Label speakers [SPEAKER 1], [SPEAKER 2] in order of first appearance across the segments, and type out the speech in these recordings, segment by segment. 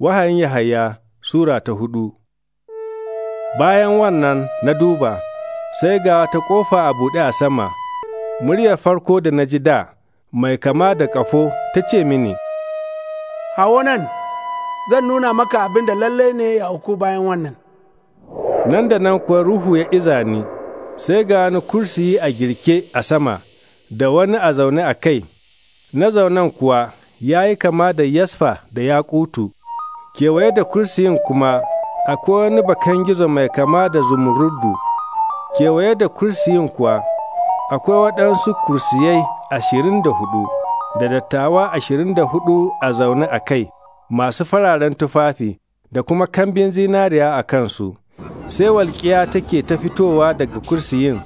[SPEAKER 1] Wahayin Yahaya Sura ta hudu Bayan wannan na duba, sai ga wata ƙofa a buɗe a sama, muryar farko da na ji da mai kama da ƙafo ta ce mini, Hawo nan, zan nuna maka abin da lallai ne ya auku bayan wannan. Nan da nan kuwa ruhu ya iza ni, sai ga wani kursiyi a girke a sama, da wani a zaune a kai, na zaunan kuwa ya yi kama da yasfa da yakutu. kewaye da kursiyin kuma akwai wani bakan gizo mai kama da zumurudu kewaye da kursiyin kuwa akwai waɗansu kursiyai ashirin da hudu da dattawa ashirin da hudu a zaune a kai masu fararen tufafi da kuma kambin zinariya a kansu sai walƙiya take ta fitowa daga kursiyin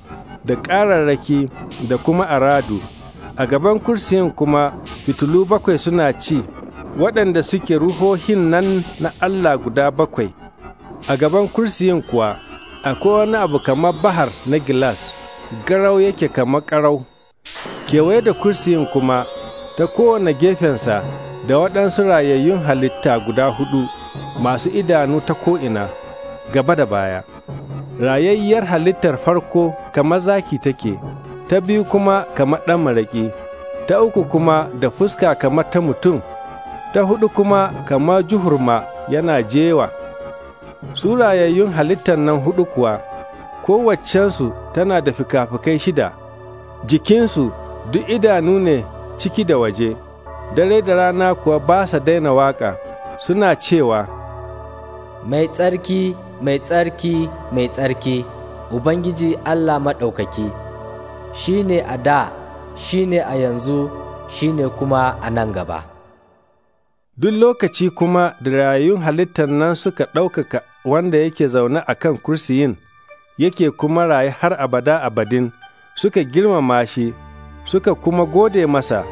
[SPEAKER 1] da ƙararraki da kuma aradu a gaban kursiyin kuma fitilu bakwai suna ci waɗanda suke ruhohin nan na Allah guda bakwai, a gaban kursiyin kuwa akwai wani abu kamar bahar na gilas, garau yake kamar ƙarau, kewaye da kursiyin kuma ta kowane gefensa da waɗansu rayayyun halitta guda huɗu masu idanu ta ko'ina, gaba da baya. Rayayyar halittar farko kamar zaki take, ta biyu kuma kamar ɗan maraƙi, ta uku kuma da fuska kamar ta mutum. ta huɗu kuma kama juhurma yana jewa surayayyun halittar nan huɗu kuwa kowaccensu tana da fikafikai shida jikinsu duk idanu ne ciki da waje dare da rana kuwa ba sa daina waƙa suna cewa mai tsarki mai tsarki mai tsarki ubangiji allah maɗaukaki shi ne a da shi ne a yanzu shi ne kuma a nan gaba duk lokaci kuma da rayun halittar nan suka ɗaukaka wanda yake zaune a kan kursiyin yake kuma raye har abada abadin suka girmama shi suka kuma gode masa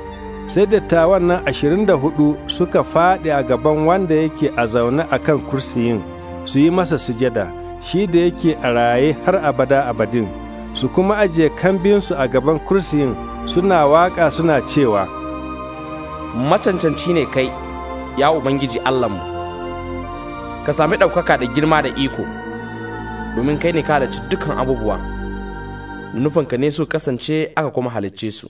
[SPEAKER 1] sai dattawan nan ashirin da hudu suka faɗi a gaban wanda yake a zaune a kan kursiyin su yi masa sujada shi da yake a raye har abada abadin su kuma ajiye kambinsu a gaban kursiyin suna waƙa suna cewa macancanci ne kai ya Ubangiji Allahnmu, ka sami ɗaukaka da girma da iko, domin kai ne ka halarci dukan abubuwa, nufinka ne su kasance aka kuma halicce su.